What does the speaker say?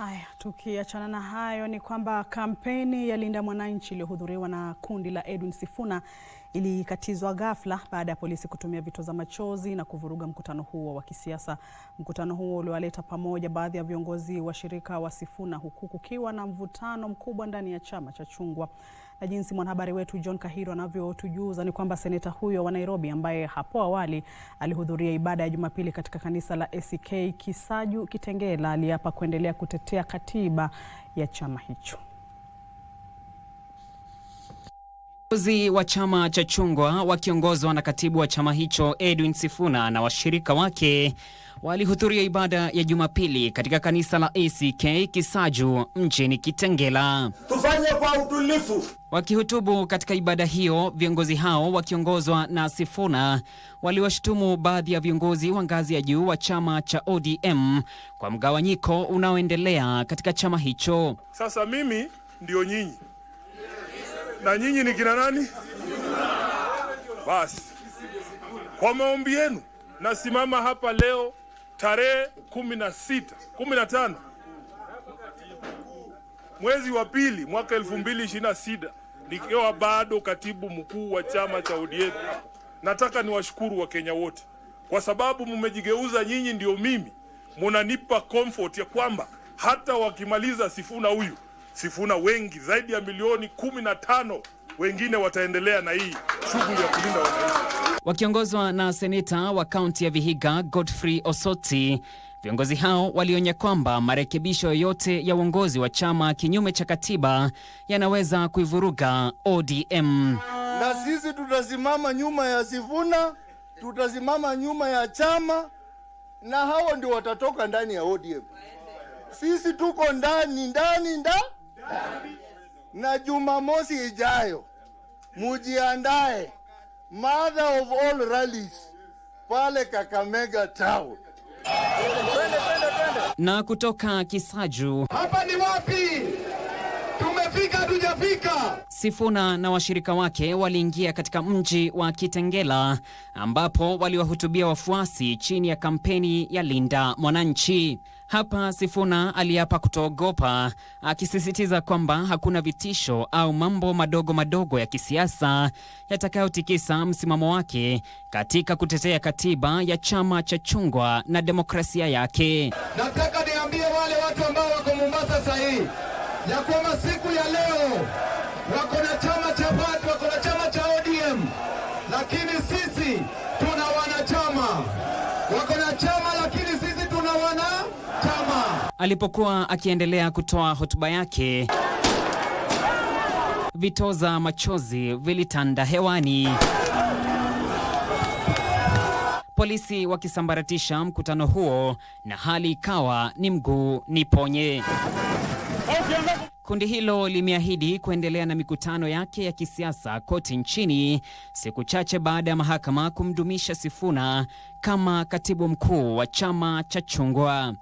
Haya, tukiachana na hayo ni kwamba kampeni ya Linda Mwananchi iliyohudhuriwa na kundi la Edwin Sifuna ilikatizwa ghafla baada ya polisi kutumia vitoza machozi na kuvuruga mkutano huo wa kisiasa. Mkutano huo uliwaleta pamoja baadhi ya viongozi washirika wa Sifuna huku kukiwa na mvutano mkubwa ndani ya chama cha Chungwa na jinsi mwanahabari wetu John Kahiro anavyotujuza ni kwamba seneta huyo wa Nairobi ambaye hapo awali alihudhuria ibada ya Jumapili katika kanisa la ACK Kisaju Kitengela aliapa kuendelea kutetea katiba ya chama hicho. Viongozi wa chama cha chungwa wakiongozwa na katibu wa chama hicho Edwin Sifuna na washirika wake walihudhuria ibada ya Jumapili katika kanisa la ACK Kisaju mjini Kitengela. Tufanye kwa utulifu. Wakihutubu katika ibada hiyo, viongozi hao wakiongozwa na Sifuna waliwashutumu baadhi ya viongozi wa ngazi ya juu wa chama cha ODM kwa mgawanyiko unaoendelea katika chama hicho. Sasa mimi ndio nyinyi na nyinyi ni kina nani? Basi kwa maombi yenu nasimama hapa leo tarehe kumi na sita kumi na tano mwezi wa pili mwaka elfu mbili ishirini na sita nikiwa bado katibu mkuu wa chama cha ODM. Nataka niwashukuru Wakenya wote kwa sababu mmejigeuza nyinyi, ndio mimi munanipa comfort ya kwamba hata wakimaliza Sifuna huyu Sifuna wengi zaidi ya milioni kumi na tano wengine wataendelea na hii shughuli ya kulinda wananchi. Wakiongozwa na seneta wa kaunti ya Vihiga Godfrey Osoti, viongozi hao walionya kwamba marekebisho yoyote ya uongozi wa chama kinyume cha katiba yanaweza kuivuruga ODM. Na sisi tutasimama nyuma ya Sifuna, tutasimama nyuma ya chama, na hao ndio watatoka ndani ya ODM. Sisi tuko ndani ndani ndani na Jumamosi ijayo mujiandae, mother of all rallies pale Kakamega town. Na kutoka Kisaju, hapa ni wapi? Hatujafika, hatujafika. Sifuna na washirika wake waliingia katika mji wa Kitengela ambapo waliwahutubia wafuasi chini ya kampeni ya Linda Mwananchi. Hapa Sifuna aliapa kutoogopa, akisisitiza kwamba hakuna vitisho au mambo madogo madogo ya kisiasa yatakayotikisa msimamo wake katika kutetea katiba ya chama cha chungwa na demokrasia yake. Nataka niambie wale watu ambao wako Mombasa sahii ya kwamba siku ya leo wako na chama cha BAD, wako na chama cha ODM, lakini sisi tuna wanachama. Wako na chama lakini sisi tuna wanachama. Alipokuwa akiendelea kutoa hotuba yake, vitoza machozi vilitanda hewani, polisi wakisambaratisha mkutano huo na hali ikawa ni mguu niponye. Kundi hilo limeahidi kuendelea na mikutano yake ya kisiasa kote nchini siku chache baada ya mahakama kumdumisha Sifuna kama katibu mkuu wa chama cha chungwa.